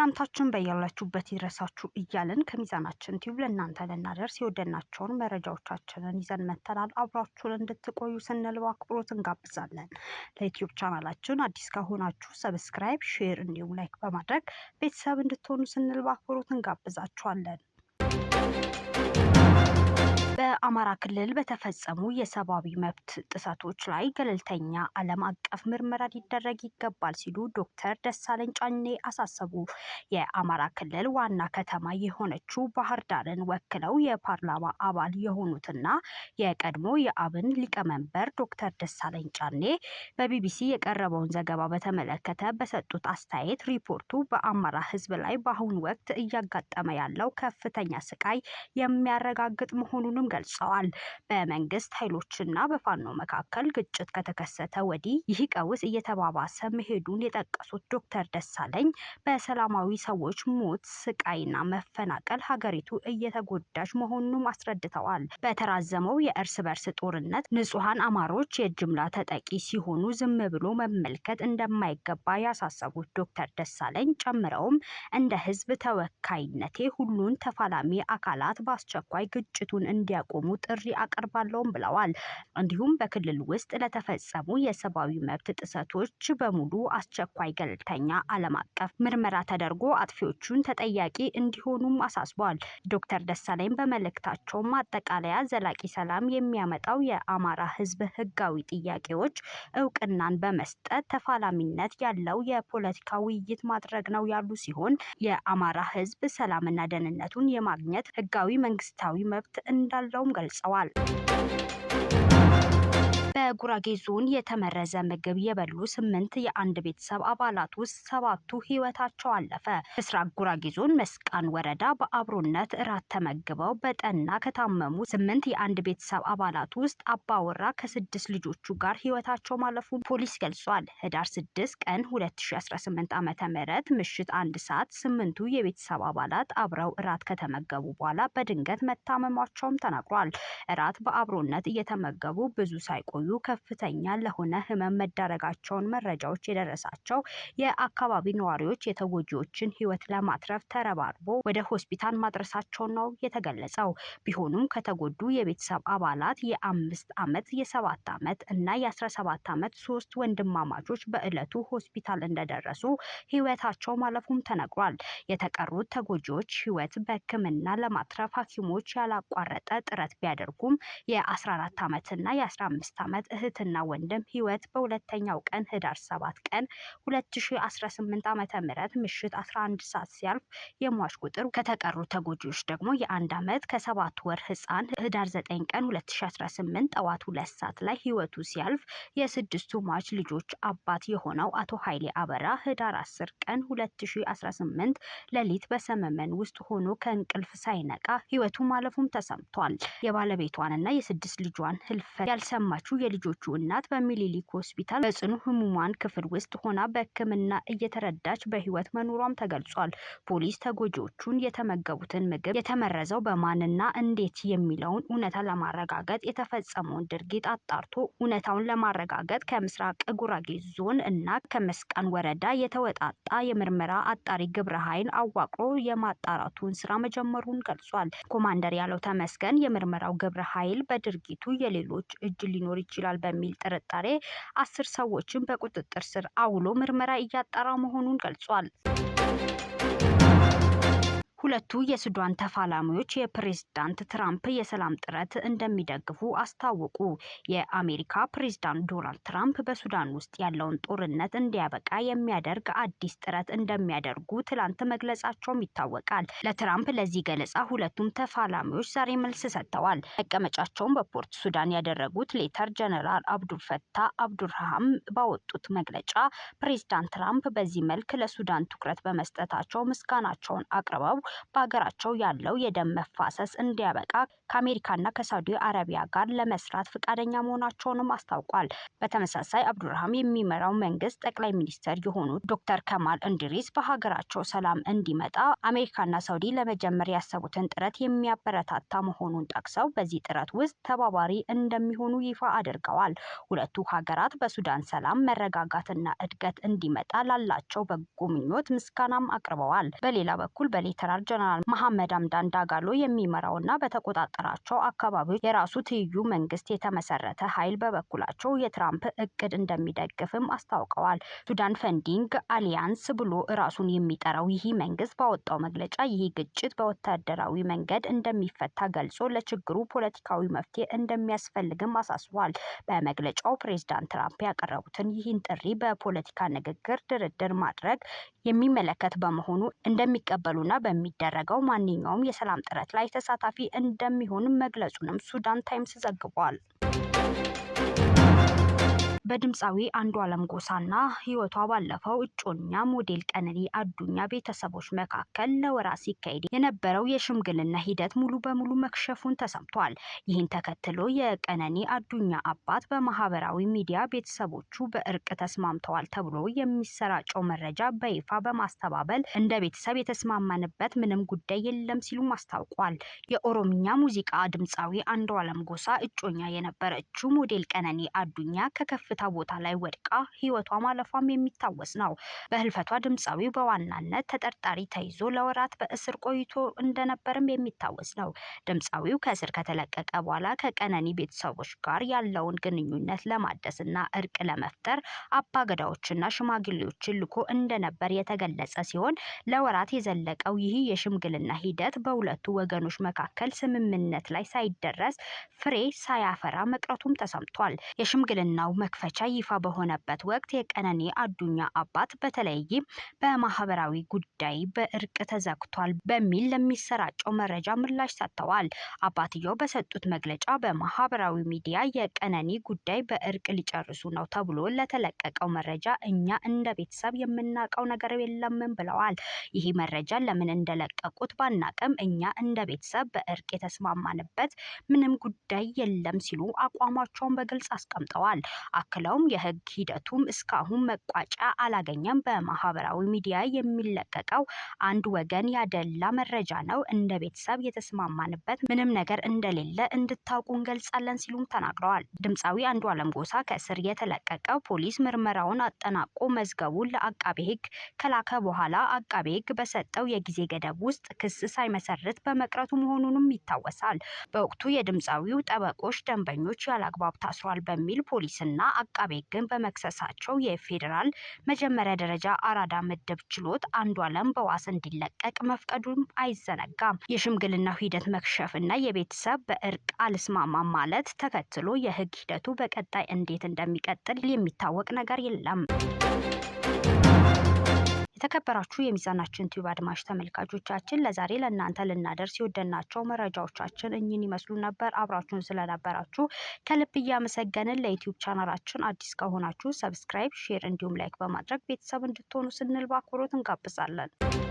ሰላምታችን በያላችሁበት ይድረሳችሁ እያለን ከሚዛናችን ቲዩብ ለእናንተ ልናደርስ የወደናቸውን መረጃዎቻችንን ይዘን መተናል። አብራችሁን እንድትቆዩ ስንል በአክብሮት እንጋብዛለን። ለዩትዩብ ቻናላችን አዲስ ከሆናችሁ ሰብስክራይብ፣ ሼር እንዲሁም ላይክ በማድረግ ቤተሰብ እንድትሆኑ ስንል በአክብሮት እንጋብዛችኋለን። በአማራ ክልል በተፈጸሙ የሰብአዊ መብት ጥሰቶች ላይ ገለልተኛ ዓለም አቀፍ ምርመራ ሊደረግ ይገባል ሲሉ ዶክተር ደሳለኝ ጫኔ አሳሰቡ። የአማራ ክልል ዋና ከተማ የሆነችው ባህር ዳርን ወክለው የፓርላማ አባል የሆኑትና የቀድሞ የአብን ሊቀመንበር ዶክተር ደሳለኝ ጫኔ በቢቢሲ የቀረበውን ዘገባ በተመለከተ በሰጡት አስተያየት ሪፖርቱ በአማራ ሕዝብ ላይ በአሁኑ ወቅት እያጋጠመ ያለው ከፍተኛ ስቃይ የሚያረጋግጥ መሆኑንም ገ ገልጸዋል። በመንግስት ኃይሎችና በፋኖ መካከል ግጭት ከተከሰተ ወዲህ ይህ ቀውስ እየተባባሰ መሄዱን የጠቀሱት ዶክተር ደሳለኝ በሰላማዊ ሰዎች ሞት፣ ስቃይና መፈናቀል ሀገሪቱ እየተጎዳች መሆኑንም አስረድተዋል። በተራዘመው የእርስ በርስ ጦርነት ንጹሐን አማሮች የጅምላ ተጠቂ ሲሆኑ ዝም ብሎ መመልከት እንደማይገባ ያሳሰቡት ዶክተር ደሳለኝ ጨምረውም እንደ ህዝብ ተወካይነቴ ሁሉን ተፋላሚ አካላት በአስቸኳይ ግጭቱን እንዲያቆ እንዲያቆሙ ጥሪ አቀርባለሁም ብለዋል። እንዲሁም በክልል ውስጥ ለተፈጸሙ የሰብአዊ መብት ጥሰቶች በሙሉ አስቸኳይ ገለልተኛ ዓለም አቀፍ ምርመራ ተደርጎ አጥፊዎቹን ተጠያቂ እንዲሆኑም አሳስቧል። ዶክተር ደሳለኝ በመልእክታቸው ማጠቃለያ ዘላቂ ሰላም የሚያመጣው የአማራ ህዝብ ህጋዊ ጥያቄዎች እውቅናን በመስጠት ተፋላሚነት ያለው የፖለቲካ ውይይት ማድረግ ነው ያሉ ሲሆን የአማራ ህዝብ ሰላምና ደህንነቱን የማግኘት ህጋዊ መንግስታዊ መብት እንዳለው እንደሚሰራውም ገልጸዋል። በጉራጌ ዞን የተመረዘ ምግብ የበሉ ስምንት የአንድ ቤተሰብ አባላት ውስጥ ሰባቱ ህይወታቸው አለፈ። ምስራቅ ጉራጌ ዞን መስቃን ወረዳ በአብሮነት እራት ተመግበው በጠና ከታመሙ ስምንት የአንድ ቤተሰብ አባላት ውስጥ አባወራ ከስድስት ልጆቹ ጋር ህይወታቸው ማለፉ ፖሊስ ገልጿል። ህዳር 6 ቀን 2018 ዓ.ም ምሽት አንድ ሰዓት ስምንቱ የቤተሰብ አባላት አብረው እራት ከተመገቡ በኋላ በድንገት መታመማቸውም ተናግሯል። እራት በአብሮነት እየተመገቡ ብዙ ሳይቆዩ በአካባቢው ከፍተኛ ለሆነ ህመም መዳረጋቸውን መረጃዎች የደረሳቸው የአካባቢ ነዋሪዎች የተጎጂዎችን ህይወት ለማትረፍ ተረባርቦ ወደ ሆስፒታል ማድረሳቸው ነው የተገለጸው። ቢሆኑም ከተጎዱ የቤተሰብ አባላት የአምስት ዓመት የሰባት ዓመት እና የአስራ ሰባት ዓመት ሶስት ወንድማማቾች በዕለቱ ሆስፒታል እንደደረሱ ህይወታቸው ማለፉም ተነግሯል። የተቀሩት ተጎጂዎች ህይወት በህክምና ለማትረፍ ሐኪሞች ያላቋረጠ ጥረት ቢያደርጉም የ14 ዓመት እና የ15 ዓመት አመት እህትና ወንድም ህይወት በሁለተኛው ቀን ህዳር 7 ቀን 2018 ዓ.ም ምሽት 11 ሰዓት ሲያልፍ የሟች ቁጥር ከተቀሩ ተጎጂዎች ደግሞ የአንድ አመት ከሰባት ወር ህፃን ህዳር 9 ቀን 2018 ጠዋት ሁለት ሰዓት ላይ ህይወቱ ሲያልፍ የስድስቱ ሟች ልጆች አባት የሆነው አቶ ኃይሌ አበራ ህዳር 10 ቀን 2018 ሌሊት በሰመመን ውስጥ ሆኖ ከእንቅልፍ ሳይነቃ ህይወቱ ማለፉም ተሰምቷል። የባለቤቷንና የስድስት ልጇን ህልፈት ያልሰማችው የልጆቹ እናት በሚሊሊክ ሆስፒታል በጽኑ ህሙማን ክፍል ውስጥ ሆና በህክምና እየተረዳች በህይወት መኖሯም ተገልጿል። ፖሊስ ተጎጂዎቹን የተመገቡትን ምግብ የተመረዘው በማንና እንዴት የሚለውን እውነታ ለማረጋገጥ የተፈጸመውን ድርጊት አጣርቶ እውነታውን ለማረጋገጥ ከምስራቅ ጉራጌ ዞን እና ከመስቃን ወረዳ የተወጣጣ የምርመራ አጣሪ ግብረ ኃይል አዋቅሮ የማጣራቱን ስራ መጀመሩን ገልጿል። ኮማንደር ያለው ተመስገን የምርመራው ግብረ ኃይል በድርጊቱ የሌሎች እጅ ሊኖር ይችላል ይችላል በሚል ጥርጣሬ አስር ሰዎችን በቁጥጥር ስር አውሎ ምርመራ እያጣራ መሆኑን ገልጿል። ሁለቱ የሱዳን ተፋላሚዎች የፕሬዝዳንት ትራምፕ የሰላም ጥረት እንደሚደግፉ አስታወቁ። የአሜሪካ ፕሬዝዳንት ዶናልድ ትራምፕ በሱዳን ውስጥ ያለውን ጦርነት እንዲያበቃ የሚያደርግ አዲስ ጥረት እንደሚያደርጉ ትላንት መግለጻቸውም ይታወቃል። ለትራምፕ ለዚህ ገለጻ ሁለቱም ተፋላሚዎች ዛሬ መልስ ሰጥተዋል። መቀመጫቸውን በፖርት ሱዳን ያደረጉት ሌተር ጀነራል አብዱልፈታ አብዱርሃም ባወጡት መግለጫ ፕሬዝዳንት ትራምፕ በዚህ መልክ ለሱዳን ትኩረት በመስጠታቸው ምስጋናቸውን አቅርበው በሀገራቸው ያለው የደም መፋሰስ እንዲያበቃ ከአሜሪካና ከሳውዲ አረቢያ ጋር ለመስራት ፈቃደኛ መሆናቸውንም አስታውቋል። በተመሳሳይ አብዱርሃም የሚመራው መንግስት ጠቅላይ ሚኒስተር የሆኑት ዶክተር ከማል እንድሪስ በሀገራቸው ሰላም እንዲመጣ አሜሪካና ሳውዲ ለመጀመር ያሰቡትን ጥረት የሚያበረታታ መሆኑን ጠቅሰው በዚህ ጥረት ውስጥ ተባባሪ እንደሚሆኑ ይፋ አድርገዋል። ሁለቱ ሀገራት በሱዳን ሰላም መረጋጋትና እድገት እንዲመጣ ላላቸው በጎ ምኞት ምስጋናም አቅርበዋል። በሌላ በኩል በሌተናል ጀነራል መሐመድ አምዳን ዳጋሎ የሚመራውና በተቆጣጠ በፈጠራቸው አካባቢዎች የራሱ ትይዩ መንግስት የተመሰረተ ኃይል በበኩላቸው የትራምፕ እቅድ እንደሚደግፍም አስታውቀዋል። ሱዳን ፈንዲንግ አሊያንስ ብሎ ራሱን የሚጠራው ይህ መንግስት ባወጣው መግለጫ ይህ ግጭት በወታደራዊ መንገድ እንደሚፈታ ገልጾ ለችግሩ ፖለቲካዊ መፍትሄ እንደሚያስፈልግም አሳስቧል። በመግለጫው ፕሬዝዳንት ትራምፕ ያቀረቡትን ይህን ጥሪ በፖለቲካ ንግግር፣ ድርድር ማድረግ የሚመለከት በመሆኑ እንደሚቀበሉና በሚደረገው ማንኛውም የሰላም ጥረት ላይ ተሳታፊ እንደሚ እንደሚሆንም መግለጹንም ሱዳን ታይምስ ዘግቧል። በድምፃዊ አንዱዓለም ጎሳና ህይወቷ ባለፈው እጮኛ ሞዴል ቀነኒ አዱኛ ቤተሰቦች መካከል ለወራት ሲካሄድ የነበረው የሽምግልና ሂደት ሙሉ በሙሉ መክሸፉን ተሰምቷል። ይህን ተከትሎ የቀነኒ አዱኛ አባት በማህበራዊ ሚዲያ ቤተሰቦቹ በእርቅ ተስማምተዋል ተብሎ የሚሰራጨው መረጃ በይፋ በማስተባበል እንደ ቤተሰብ የተስማማንበት ምንም ጉዳይ የለም ሲሉ አስታውቋል። የኦሮምኛ ሙዚቃ ድምፃዊ አንዱዓለም ጎሳ እጮኛ የነበረችው ሞዴል ቀነኒ አዱኛ ከከፍታ የፍንዳታ ቦታ ላይ ወድቃ ህይወቷ ማለፏም የሚታወስ ነው። በህልፈቷ ድምፃዊው በዋናነት ተጠርጣሪ ተይዞ ለወራት በእስር ቆይቶ እንደነበርም የሚታወስ ነው። ድምፃዊው ከእስር ከተለቀቀ በኋላ ከቀነኒ ቤተሰቦች ጋር ያለውን ግንኙነት ለማደስና እርቅ ለመፍጠር አባገዳዎችና ሽማግሌዎችን ልኮ እንደነበር የተገለጸ ሲሆን ለወራት የዘለቀው ይህ የሽምግልና ሂደት በሁለቱ ወገኖች መካከል ስምምነት ላይ ሳይደረስ ፍሬ ሳያፈራ መቅረቱም ተሰምቷል። የሽምግልናው መክፈ መመልከቻ ይፋ በሆነበት ወቅት የቀነኒ አዱኛ አባት በተለይ በማህበራዊ ጉዳይ በእርቅ ተዘግቷል በሚል ለሚሰራጨው መረጃ ምላሽ ሰጥተዋል። አባትየው በሰጡት መግለጫ በማህበራዊ ሚዲያ የቀነኒ ጉዳይ በእርቅ ሊጨርሱ ነው ተብሎ ለተለቀቀው መረጃ እኛ እንደ ቤተሰብ የምናውቀው ነገር የለምን ብለዋል። ይህ መረጃ ለምን እንደለቀቁት ባናቅም እኛ እንደ ቤተሰብ በእርቅ የተስማማንበት ምንም ጉዳይ የለም ሲሉ አቋማቸውን በግልጽ አስቀምጠዋል። አክለውም የህግ ሂደቱም እስካሁን መቋጫ አላገኘም። በማህበራዊ ሚዲያ የሚለቀቀው አንድ ወገን ያደላ መረጃ ነው። እንደ ቤተሰብ የተስማማንበት ምንም ነገር እንደሌለ እንድታውቁ እንገልጻለን ሲሉም ተናግረዋል። ድምፃዊ አለም ጎሳ ከእስር የተለቀቀው ፖሊስ ምርመራውን አጠናቆ መዝገቡን ለአቃቤ ህግ ከላከ በኋላ አቃቤ ህግ በሰጠው የጊዜ ገደብ ውስጥ ክስ ሳይመሰርት በመቅረቱ መሆኑንም ይታወሳል። በወቅቱ የድምፃዊው ጠበቆች ደንበኞች ያለአግባብ ታስሯል በሚል ፖሊስና አቃቤ ሕግን በመክሰሳቸው የፌዴራል መጀመሪያ ደረጃ አራዳ ምድብ ችሎት አንዱ አለም በዋስ እንዲለቀቅ መፍቀዱም አይዘነጋም። የሽምግልናው ሂደት መክሸፍ እና የቤተሰብ በእርቅ አልስማማ ማለት ተከትሎ የህግ ሂደቱ በቀጣይ እንዴት እንደሚቀጥል የሚታወቅ ነገር የለም። የተከበራችሁ የሚዛናችን ቲዩብ አድማጭ ተመልካቾቻችን ለዛሬ ለእናንተ ልናደርስ የወደናቸው መረጃዎቻችን እኚህን ይመስሉ ነበር። አብራችሁን ስለነበራችሁ ከልብ እያመሰገንን ለዩቲዩብ ቻናላችን አዲስ ከሆናችሁ ሰብስክራይብ፣ ሼር እንዲሁም ላይክ በማድረግ ቤተሰብ እንድትሆኑ ስንል በአክብሮት እንጋብዛለን።